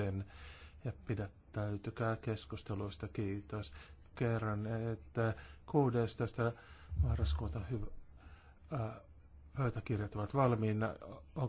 sitten. ja pidättäytykää keskusteluista. Kiitos. kerran, että 16. marraskuuta hyv- ää, äh, pöytäkirjat ovat valmiina.